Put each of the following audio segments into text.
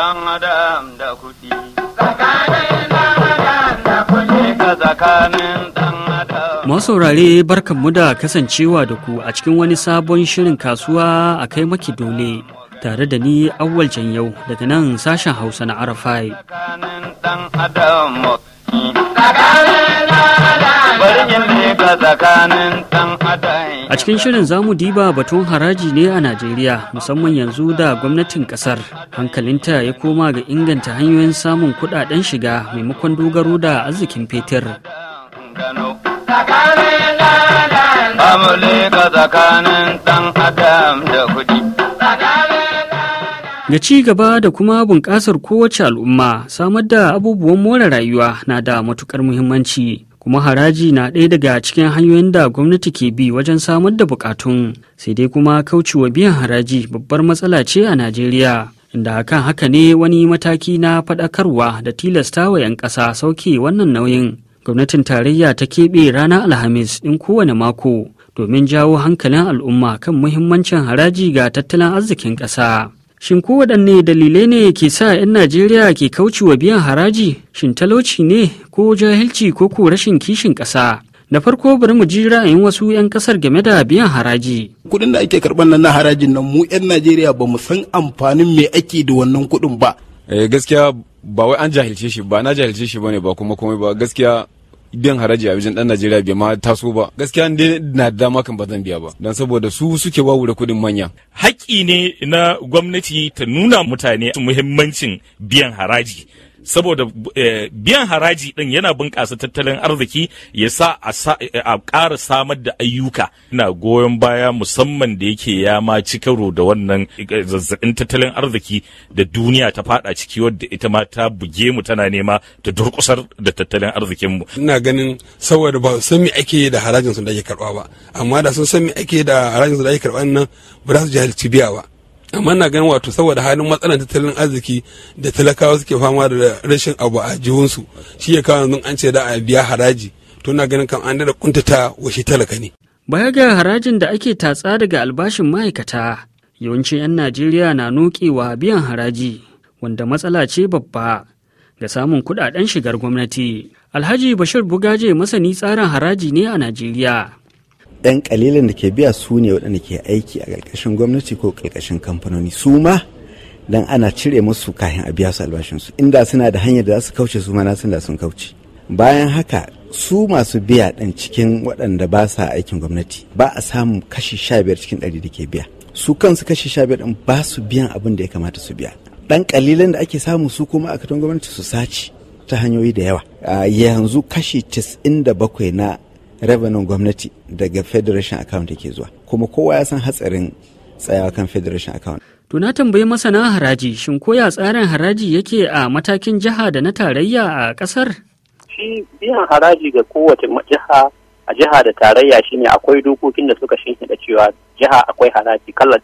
dan adam da kuɗi. Masaurare barkanmu da kasancewa da ku a cikin wani sabon shirin kasuwa a kai maki dole tare da ni awwal yau daga nan sashen hausa na arafai. A cikin shirin zamu diba batun haraji ne a Najeriya musamman yanzu da gwamnatin kasar hankalinta ya koma ga inganta hanyoyin samun kudaden shiga maimakon dogaro da arzikin fetur. Ga ci gaba da kuma bunƙasar kowace al'umma samar da abubuwan more rayuwa na da matuƙar muhimmanci. kuma haraji na ɗaya daga cikin hanyoyin da gwamnati ke bi wajen samar da bukatun sai dai kuma kaucewa biyan haraji babbar matsala ce a najeriya inda hakan haka ne wani mataki na faɗakarwa da tilasta wa 'yan ƙasa sauke wannan nauyin gwamnatin tarayya ta keɓe ranar alhamis ɗin kowane mako domin jawo hankalin al'umma kan muhimmancin haraji ga tattalin arzikin ƙasa Shin ko waɗanne dalilai ne ke sa 'yan Najeriya ke kaucewa biyan haraji? Shin talauci ne ko jahilci ko ko rashin kishin ƙasa? Da farko bari mu ji ra'ayin wasu 'yan kasar game da biyan haraji. Kuɗin da ake karɓar nan na harajin nan mu 'yan Najeriya ba mu san amfanin me ake da wannan kuɗin ba. Eh, gaskiya ba wai an jahilce shi ba na jahilce shi ba ne ba kuma komai ba gaskiya biyan haraji a wajen dan Najeriya bai ma taso ba gaskiya ne na da dama kan ba biya ba dan saboda su suke wawu da kudin manya haƙƙi ne na gwamnati ta nuna mutane muhimmancin biyan haraji saboda eh, biyan haraji ɗin yana bunƙasa tattalin arziki ya sa a ƙara samar da ayyuka ina goyon baya musamman da yake ya ma ci karo da wannan eh, zazzabin tattalin arziki da duniya ta faɗa ciki wadda ita ma ta buge mu tana nema ta durƙusar da tattalin arzikin mu ina ganin saboda ba san me ake da harajin su da ake karɓa ba amma da sun san me ake da harajin su da ake karɓa nan ba za su jahilci biya ba amma na ganin wato saboda halin matsalar tattalin arziki da talakawa suke fama da rashin abu a jihunsu shi ya kawo yanzu an ce da a biya haraji to na ganin kan an da kuntata washe talaka ne. baya ga harajin da ake tatsa daga albashin ma'aikata yawancin 'yan najeriya na nokewa biyan haraji wanda matsala ce babba ga samun kudaden shigar gwamnati alhaji bashir bugaje masani tsarin haraji ne a najeriya dan kalilan da ke biya su ne waɗanda ke aiki a ƙarƙashin gwamnati ko ƙarƙashin kamfanoni su ma dan ana cire musu kayan a biya su albashinsu inda suna da hanyar da za su kauce su ma na da sun kauce bayan haka su masu biya ɗan cikin waɗanda ba sa aikin gwamnati ba a samun kashi sha biyar cikin ɗari da ke biya su kansu kashi sha biyar ɗin ba su biyan abin da ya kamata su biya ɗan ƙalilan da ake samu su kuma a katon gwamnati su sace ta hanyoyi da yawa yanzu kashi 97 na revenue gwamnati daga federation account yake zuwa kuma kowa ya san hatsarin tsayawa kan federation account to na tambayi masana haraji shin koya tsarin haraji yake a matakin jiha da na tarayya a kasar shi biyan haraji ga kowace jiha a jiha da tarayya shine akwai dokokin da suka shimfiɗa cewa jiha akwai haraji kala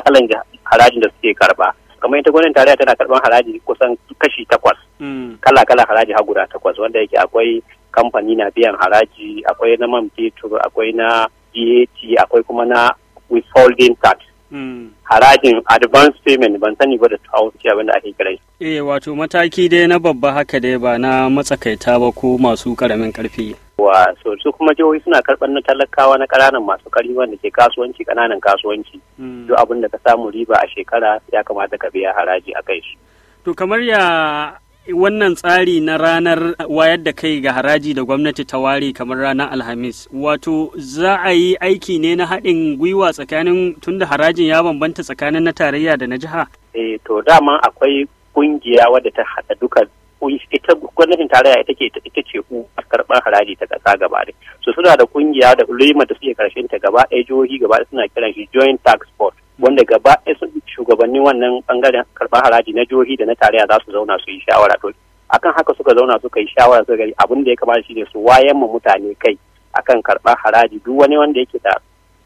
kalan harajin da suke karba kamar ita gwamnati tarayya tana karban haraji kusan kashi takwas hmm. kala kala haraji har guda takwas wanda yake akwai kamfani na biyan haraji akwai na man fetur akwai na VAT akwai kuma na withholding tax hmm. harajin advance payment ban sani ba da tausiya wanda ake kira eh wato mataki dai na babba haka dai ba na matsakaita ba ko masu karamin karfi kuwa so su kuma jihohi suna karɓar na talakawa na ƙananan masu ƙari wanda ke kasuwanci ƙananan kasuwanci hmm. duk abin da ka samu riba a shekara ya kamata ka biya haraji a kai su. To kamar ya wannan tsari na ranar wayar da kai ga haraji da gwamnati ta ware kamar ranar alhamis wato za a yi aiki ne na haɗin gwiwa tsakanin tunda harajin ya bambanta tsakanin na tarayya da na jiha? eh to dama akwai ƙungiya wadda ta haɗa duka ita gwamnatin tarayya ita ce ita ce ku karɓar haraji ta ƙasa gaba ɗaya so suna da kungiya da ulema da suke karshen ta gaba ɗaya jihohi gaba ɗaya suna kiran shi joint tax board wanda gaba ɗaya shugabannin wannan bangaren karɓar haraji na jihohi da na tarayya za su zauna su yi shawara to akan haka suka zauna suka yi shawara suka gani abin da ya kamata shine su wayan ma mutane kai akan karɓar haraji duk wani wanda yake da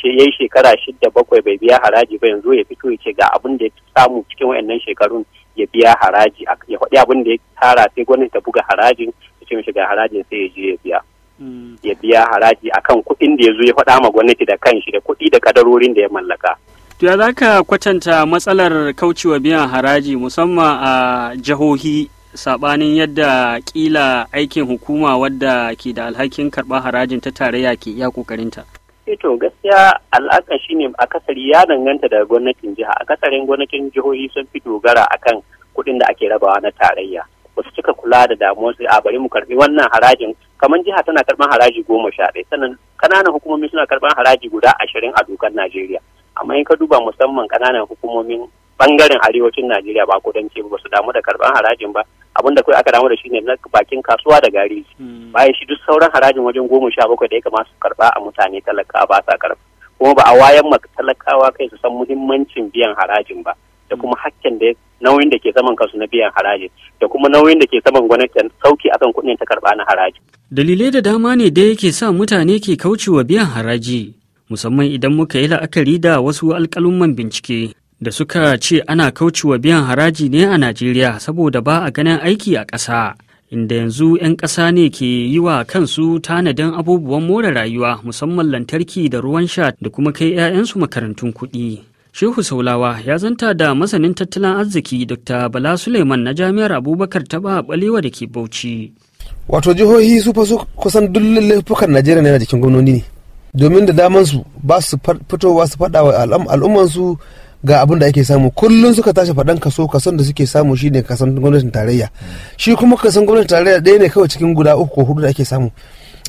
ya yi shekara shidda bakwai bai biya haraji ba yanzu ya fito ya ce ga abin da ya samu cikin wayannan shekarun ya biya haraji ya faɗi abin da ya tara sai gwamnati ta buga harajin ta ce mishi ga harajin sai ya je ya biya hmm. ya biya haraji akan kuɗin da ya zo ya faɗa ma gwamnati da kanshi da kuɗi da kadarorin da ya mallaka to ya zaka kwatanta matsalar kaucewa biyan haraji musamman a jihohi sabanin yadda kila aikin hukuma wadda ke da alhakin karɓar harajin ta tarayya ke iya kokarinta to gaskiya al'aka shine akasari ya danganta da gwamnatin jiha akasarin gwamnatin jihohi sun fi dogara akan kuɗin da ake rabawa na tarayya wasu cika kula da damuwar su a bari mu karbi wannan harajin kamar jiha tana karban haraji goma sha ɗaya sannan kananan hukumomi suna karban haraji guda ashirin a dokar najeriya amma in ka duba musamman kananan hukumomin bangaren arewacin najeriya ba kudanci ba su damu da karban harajin ba abin da kawai aka damu da shi ne na bakin kasuwa da gari hmm. bayan shi duk sauran harajin wajen goma sha bakwai da ya kamata su karba a mutane talakawa ba sa karba kuma ba a wayan ma talakawa kai su san muhimmancin biyan harajin ba da kuma hmm. hakkin da nauyin da ke saman kasu na biyan haraji da kuma nauyin da ke saman gwamnatin sauki akan kuɗin ta karba na haraji. Dalilai da dama ne da yake sa mutane ke kaucewa biyan haraji musamman idan muka yi la'akari da wasu alƙalumman bincike da suka ce ana kaucewa biyan haraji ne a Najeriya saboda ba a ganin aiki a ƙasa. Inda yanzu 'yan ƙasa ne ke yi wa kansu tanadin abubuwan more rayuwa musamman lantarki da ruwan sha da kuma kai 'ya'yansu makarantun kuɗi. Shehu Saulawa ya zanta da masanin tattalin arziki Dr. Bala Suleiman na Jami'ar Abubakar Taba Balewa da ke Bauchi. Wato jihohi su fa kusan dullun laifukan Najeriya ne na jikin gwamnoni ne. Domin da damansu ba su fitowa su faɗa wa al'ummansu ga abin da ake samu kullum suka tashi faɗan kaso kason da suke samu shi ne kason gwamnatin tarayya shi kuma kason gwamnatin tarayya ɗaya ne kawai cikin guda uku ko hudu da ake samu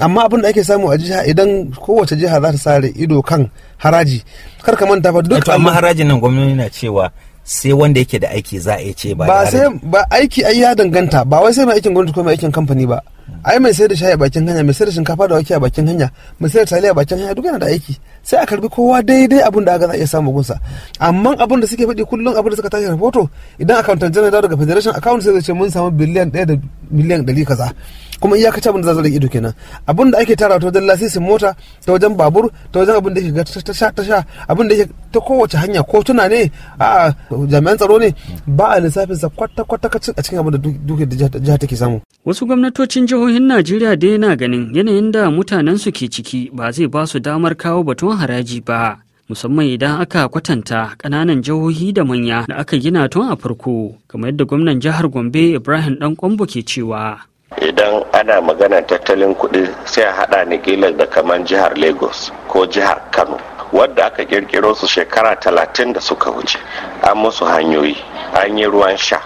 amma abin da ake samu a jiha idan kowace jiha za ta sare ido kan haraji kar ka manta ba duk amma harajin nan gwamnati na cewa sai wanda yake da aiki za a ce ba ba sai ba aiki ai ya danganta ba wai sai mai aikin gwamnati ko mai aikin kamfani ba ai mai sayar da shayi a bakin hanya mai sayar da shinkafa da wake a bakin hanya mai sayar da taliya a bakin hanya duk yana da aiki sai a karbi kowa daidai abin da aka za a iya samu gunsa amma abin da suke faɗi kullum abin da suka tashi rahoto idan akawuntan janar daga federation account sai zai ce mun samu biliyan ɗaya da miliyan ɗari kaza kuma iyakaci abin da za ido kenan abin da ake tara ta wajen lasisin mota ta wajen babur ta wajen abin da yake ta sha ta sha abin da yake ta kowace hanya ko tuna ne a jami'an tsaro ne ba a lissafin sa kwata kwata a cikin abin da duke da jiha take samu wasu gwamnatocin jihohin Najeriya da yana ganin yanayin da mutanen su ke ciki ba zai ba su damar kawo batun haraji ba musamman idan aka kwatanta kananan jihohi da manya da aka gina tun a farko kamar yadda gwamnan jihar gombe ibrahim dan kwambo ke cewa idan ana maganar tattalin kuɗi sai a haɗa ni kila da kamar jihar lagos ko jihar kano wadda aka kirkiro su shekara talatin da suka wuce an musu hanyoyi an yi ruwan sha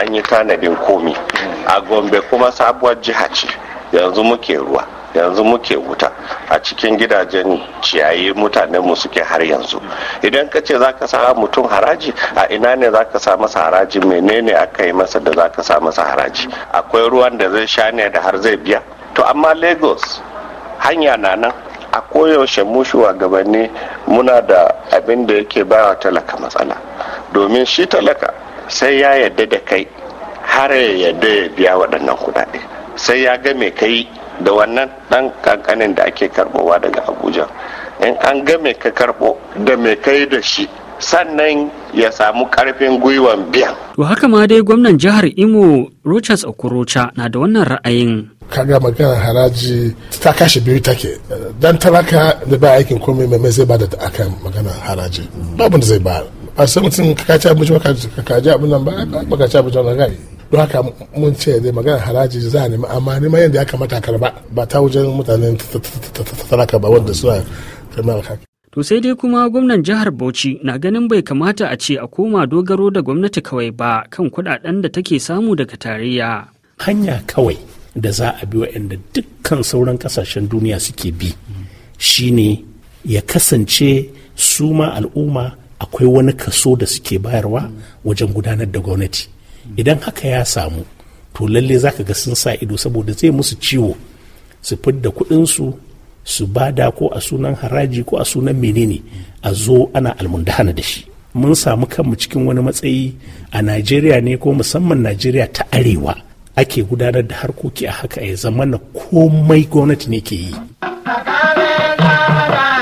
an yi tanadin komi a gombe kuma sabuwar jiha ce yanzu muke ruwa yanzu muke wuta a cikin gidajen ciyayi mutanen mu suke har yanzu idan ka ce za ka sa mutum haraji a ina ne za ka sa masa haraji menene aka yi masa da za ka sa masa haraji akwai ruwan da zai sha ne da har zai biya to amma lagos hanya na nan a koyaushe mu gabanni muna da abin da yake bawa talaka matsala domin shi talaka sai ya yadda da kai har ya yadda ya biya waɗannan kuɗaɗe sai ya ga me kai da wannan dan kankanin da ake karbowa daga abuja in an ga mai ka karbo da mai kai da shi sannan ya samu karfin gwiwan biyan. To haka ma dai gwamnan jihar Imo Rochas Okorocha na da wannan ra'ayin. Kaga magana haraji ta kashe biyu take dan talaka da ba aikin komai mai zai da aka magana haraji babu da zai ba a sai mutum kakaci abinci ka abin nan ba ka ci abinci gari don haka mun ce zai magana haraji za a nemi amma neman yadda ya kamata karba ba ta wajen mutanen talaka ba wanda suna To sai dai kuma gwamnan jihar Bauchi na ganin bai kamata a ce a koma dogaro da gwamnati kawai ba kan kudaden da take samu daga tarayya. Hanya kawai da za a bi wa'anda dukkan sauran kasashen duniya suke bi shine ya kasance suma al'umma akwai wani kaso da suke bayarwa wajen gudanar da gwamnati. idan haka ya samu to lalle za ka ga sun sa ido saboda zai musu ciwo su fidda kuɗinsu su bada ko a sunan haraji ko a sunan menene a zo ana almundahana da shi mun samu kanmu cikin wani matsayi a najeriya ne ko musamman najeriya ta arewa ake gudanar da harkoki a haka ya zama na komai gwamnati ne ke yi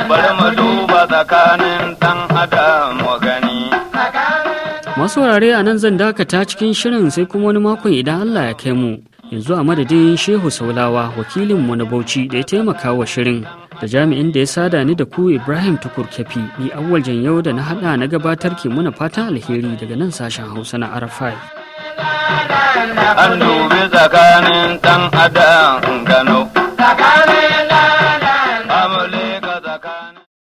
bari mu duba tsakanin dan adam masu wurare a nan zan dakata cikin shirin sai kuma wani makon idan allah ya kai mu yanzu a madadin shehu saulawa wakilin mu na bauchi da ya taimaka wa shirin da jami'in da ya sada ni da ku ibrahim tukur kefi ni awwal yau da na hada na gabatar ke muna fatan alheri daga nan sashen hausa na arafai an dubi tsakanin dan adam gano